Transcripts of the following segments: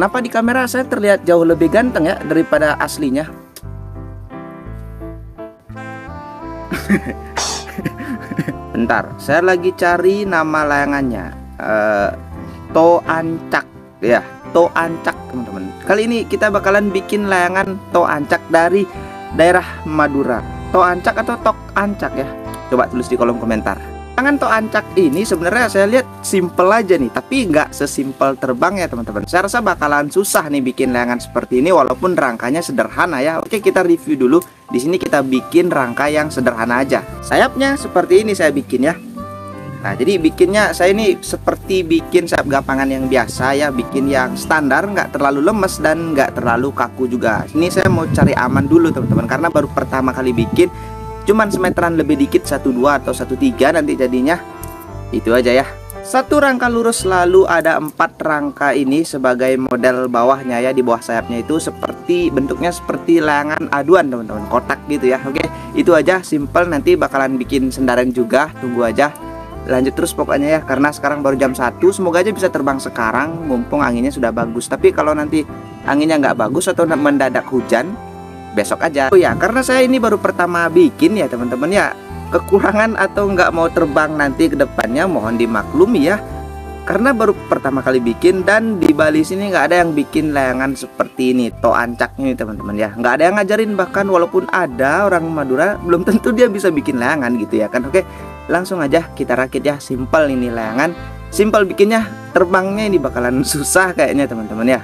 Kenapa di kamera saya terlihat jauh lebih ganteng ya daripada aslinya? Bentar, saya lagi cari nama layangannya. Uh, eh, Toancak ya, Toancak teman-teman. Kali ini kita bakalan bikin layangan Toancak dari daerah Madura. Toancak atau Tok Ancak ya? Coba tulis di kolom komentar. Tangan atau ancak ini sebenarnya saya lihat simple aja nih, tapi nggak sesimpel terbang ya teman-teman. Saya rasa bakalan susah nih bikin layangan seperti ini walaupun rangkanya sederhana ya. Oke, kita review dulu. Di sini kita bikin rangka yang sederhana aja. Sayapnya seperti ini saya bikin ya. Nah, jadi bikinnya saya ini seperti bikin sayap gampangan yang biasa ya, bikin yang standar, nggak terlalu lemes dan nggak terlalu kaku juga. Ini saya mau cari aman dulu teman-teman, karena baru pertama kali bikin, cuman semeteran lebih dikit 12 atau 13 nanti jadinya itu aja ya satu rangka lurus selalu ada empat rangka ini sebagai model bawahnya ya di bawah sayapnya itu seperti bentuknya seperti layangan aduan teman-teman kotak gitu ya oke itu aja simple nanti bakalan bikin sendaran juga tunggu aja lanjut terus pokoknya ya karena sekarang baru jam 1 semoga aja bisa terbang sekarang mumpung anginnya sudah bagus tapi kalau nanti anginnya nggak bagus atau mendadak hujan besok aja. Oh ya, karena saya ini baru pertama bikin ya teman-teman ya. Kekurangan atau nggak mau terbang nanti ke depannya mohon dimaklumi ya. Karena baru pertama kali bikin dan di Bali sini nggak ada yang bikin layangan seperti ini, to ancaknya nih teman-teman ya. Nggak ada yang ngajarin bahkan walaupun ada orang Madura belum tentu dia bisa bikin layangan gitu ya kan. Oke, langsung aja kita rakit ya. Simple ini layangan. Simple bikinnya, terbangnya ini bakalan susah kayaknya teman-teman ya.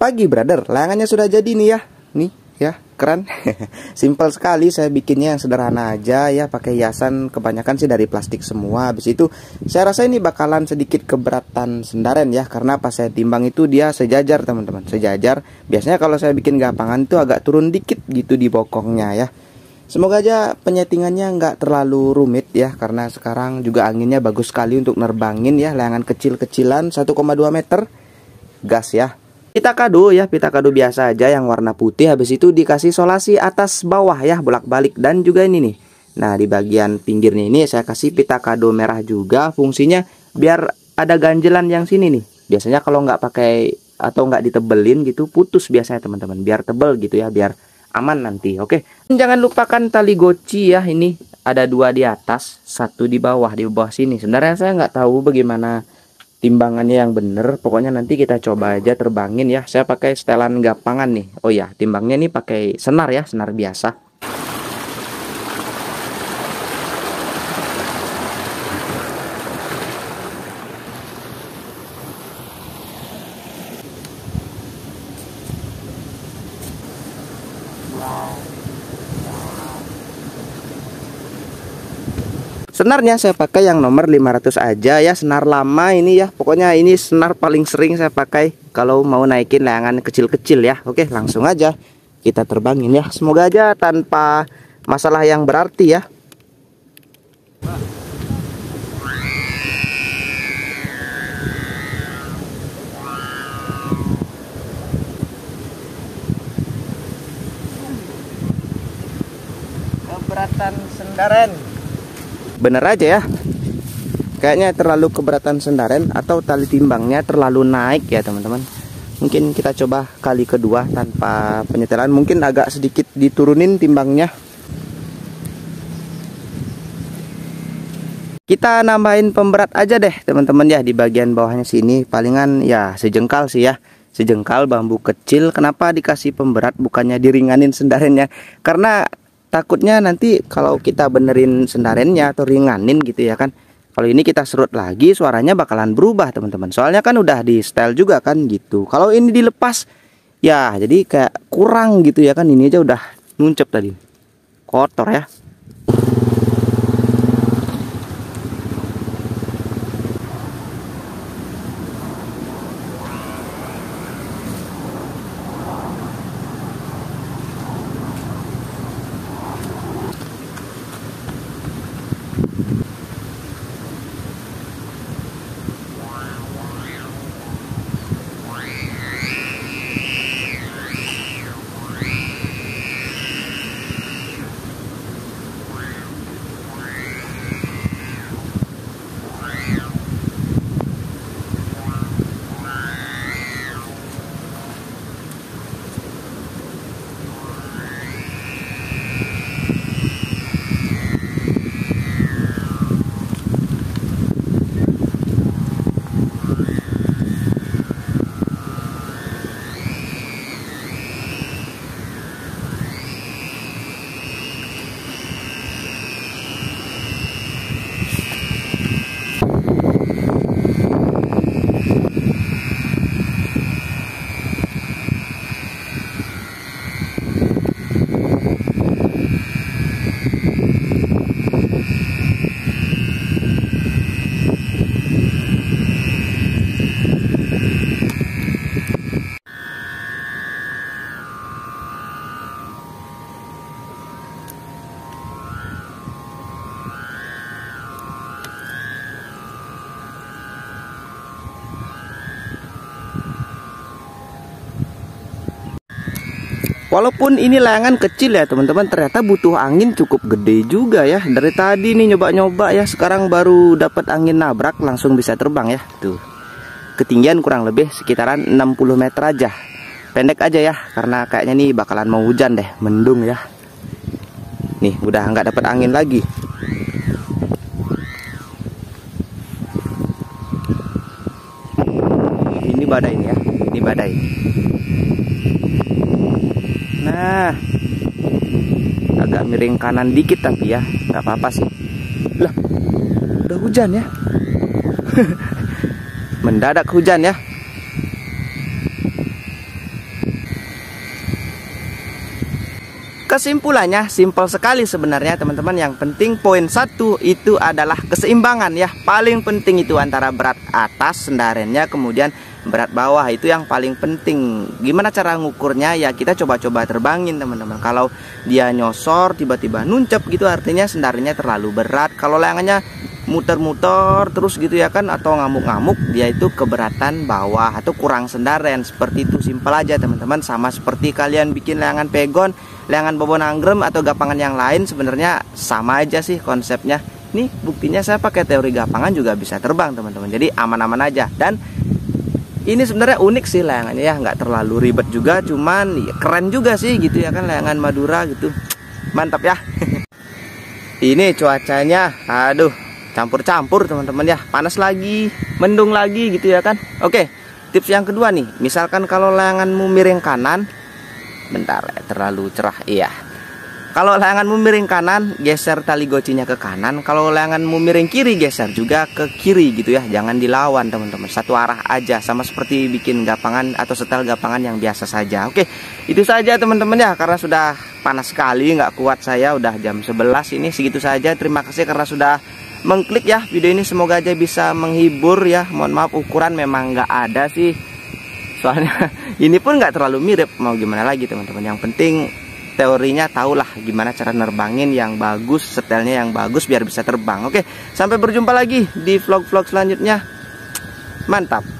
Pagi brother, layangannya sudah jadi nih ya. Nih ya, keren. Simple sekali saya bikinnya yang sederhana aja ya, pakai hiasan kebanyakan sih dari plastik semua. Habis itu saya rasa ini bakalan sedikit keberatan sendaren ya karena pas saya timbang itu dia sejajar teman-teman, sejajar. Biasanya kalau saya bikin gapangan itu agak turun dikit gitu di bokongnya ya. Semoga aja penyetingannya nggak terlalu rumit ya karena sekarang juga anginnya bagus sekali untuk nerbangin ya layangan kecil-kecilan 1,2 meter gas ya. Pita kado ya, pita kado biasa aja yang warna putih habis itu dikasih solasi atas bawah ya bolak-balik dan juga ini nih. Nah, di bagian pinggirnya ini saya kasih pita kado merah juga fungsinya biar ada ganjelan yang sini nih. Biasanya kalau nggak pakai atau nggak ditebelin gitu putus biasanya teman-teman biar tebel gitu ya biar aman nanti oke okay? jangan lupakan tali goci ya ini ada dua di atas satu di bawah di bawah sini sebenarnya saya nggak tahu bagaimana timbangannya yang bener pokoknya nanti kita coba aja terbangin ya saya pakai setelan gapangan nih oh ya timbangnya ini pakai senar ya senar biasa Senarnya saya pakai yang nomor 500 aja ya Senar lama ini ya Pokoknya ini senar paling sering saya pakai Kalau mau naikin layangan kecil-kecil ya Oke langsung aja kita terbangin ya Semoga aja tanpa masalah yang berarti ya Keberatan sendaren bener aja ya kayaknya terlalu keberatan sendaren atau tali timbangnya terlalu naik ya teman-teman mungkin kita coba kali kedua tanpa penyetelan mungkin agak sedikit diturunin timbangnya kita nambahin pemberat aja deh teman-teman ya di bagian bawahnya sini palingan ya sejengkal sih ya sejengkal bambu kecil kenapa dikasih pemberat bukannya diringanin sendarannya karena takutnya nanti kalau kita benerin sendarennya atau ringanin gitu ya kan kalau ini kita serut lagi suaranya bakalan berubah teman-teman soalnya kan udah di style juga kan gitu kalau ini dilepas ya jadi kayak kurang gitu ya kan ini aja udah nuncep tadi kotor ya Walaupun ini layangan kecil ya teman-teman Ternyata butuh angin cukup gede juga ya Dari tadi nih nyoba-nyoba ya Sekarang baru dapat angin nabrak Langsung bisa terbang ya Tuh Ketinggian kurang lebih sekitaran 60 meter aja Pendek aja ya Karena kayaknya nih bakalan mau hujan deh Mendung ya Nih udah nggak dapat angin lagi Ini badai nih ya Ini badai nah agak miring kanan dikit tapi ya nggak apa-apa sih lah udah hujan ya mendadak hujan ya Kesimpulannya simpel sekali sebenarnya teman-teman Yang penting poin satu itu adalah keseimbangan ya Paling penting itu antara berat atas sendarannya kemudian berat bawah itu yang paling penting gimana cara ngukurnya ya kita coba-coba terbangin teman-teman kalau dia nyosor tiba-tiba nuncep gitu artinya sendarnya terlalu berat kalau layangannya muter-muter terus gitu ya kan atau ngamuk-ngamuk dia itu keberatan bawah atau kurang sendaren seperti itu simpel aja teman-teman sama seperti kalian bikin layangan pegon layangan bobon anggrem atau gapangan yang lain sebenarnya sama aja sih konsepnya nih buktinya saya pakai teori gapangan juga bisa terbang teman-teman jadi aman-aman aja dan ini sebenarnya unik sih layangannya ya nggak terlalu ribet juga cuman ya, keren juga sih gitu ya kan layangan Madura gitu mantap ya ini cuacanya aduh campur-campur teman-teman ya panas lagi mendung lagi gitu ya kan oke tips yang kedua nih misalkan kalau layanganmu miring kanan bentar terlalu cerah iya kalau layanganmu miring kanan, geser tali gocinya ke kanan. Kalau layanganmu miring kiri, geser juga ke kiri gitu ya. Jangan dilawan teman-teman. Satu arah aja, sama seperti bikin gapangan atau setel gapangan yang biasa saja. Oke, itu saja teman-teman ya. Karena sudah panas sekali, nggak kuat saya. Udah jam 11 ini, segitu saja. Terima kasih karena sudah mengklik ya video ini. Semoga aja bisa menghibur ya. Mohon maaf ukuran memang nggak ada sih. Soalnya ini pun nggak terlalu mirip. Mau gimana lagi teman-teman. Yang penting teorinya tahulah gimana cara nerbangin yang bagus, setelnya yang bagus biar bisa terbang. Oke, sampai berjumpa lagi di vlog-vlog selanjutnya. Mantap.